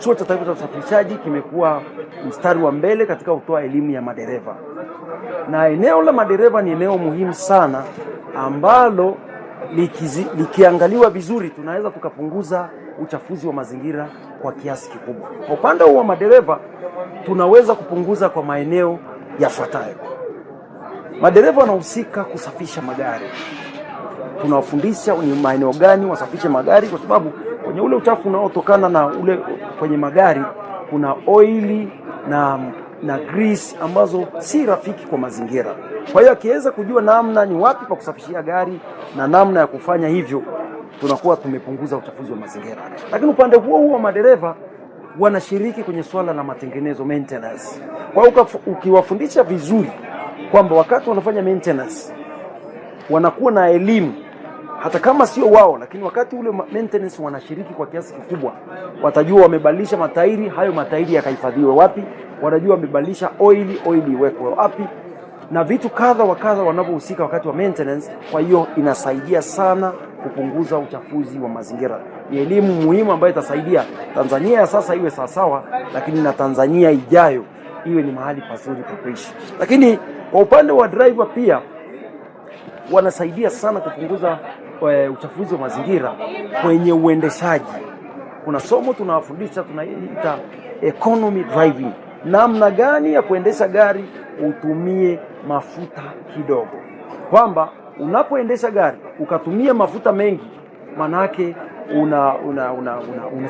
Chuo cha Taifa cha Usafirishaji kimekuwa mstari wa mbele katika kutoa elimu ya madereva, na eneo la madereva ni eneo muhimu sana ambalo likizi, likiangaliwa vizuri tunaweza tukapunguza uchafuzi wa mazingira kwa kiasi kikubwa. Kwa upande huu wa madereva tunaweza kupunguza kwa maeneo yafuatayo. Madereva wanahusika kusafisha magari, tunawafundisha ni maeneo gani wasafishe magari, kwa sababu Kwenye ule uchafu unaotokana na ule kwenye magari kuna oili na na grease ambazo si rafiki kwa mazingira. Kwa hiyo akiweza kujua namna ni wapi pa kusafishia gari na namna ya kufanya hivyo, tunakuwa tumepunguza uchafuzi wa mazingira. Lakini upande huo huo wa madereva wanashiriki kwenye swala la matengenezo maintenance. Kwa hiyo ukiwafundisha vizuri kwamba wakati wanafanya maintenance wanakuwa na elimu hata kama sio wao, lakini wakati ule maintenance wanashiriki kwa kiasi kikubwa, watajua wamebadilisha matairi, hayo matairi yakahifadhiwe wapi, wanajua wamebadilisha oil, oil iwekwe wapi na vitu kadha wa kadha wanavyohusika wakati wa maintenance. Kwa hiyo inasaidia sana kupunguza uchafuzi wa mazingira. Ni elimu muhimu ambayo itasaidia Tanzania ya sasa iwe sawasawa, lakini na Tanzania ijayo iwe ni mahali pazuri pa kuishi. Lakini kwa upande wa driver pia wanasaidia sana kupunguza e, uchafuzi wa mazingira kwenye uendeshaji. Kuna somo tunawafundisha tunaita economy driving, namna gani ya kuendesha gari utumie mafuta kidogo, kwamba unapoendesha gari ukatumia mafuta mengi, manake unachafua una, una,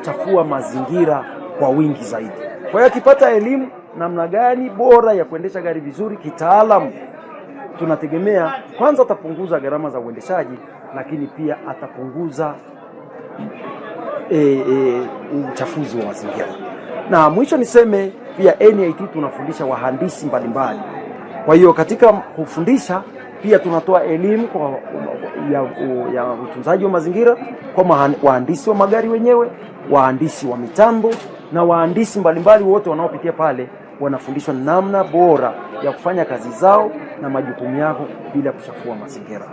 una, una mazingira kwa wingi zaidi. Kwa hiyo akipata elimu namna gani bora ya kuendesha gari vizuri kitaalamu tunategemea kwanza atapunguza gharama za uendeshaji, lakini pia atapunguza e, e, uchafuzi wa mazingira. Na mwisho niseme pia NIT tunafundisha wahandisi mbalimbali. Kwa hiyo katika kufundisha pia tunatoa elimu kwa ya, ya utunzaji wa mazingira kwa wahandisi wa magari wenyewe, wahandisi wa mitambo na wahandisi mbalimbali wote wanaopitia pale wanafundishwa namna bora ya kufanya kazi zao na majukumu yao bila kuchafua mazingira.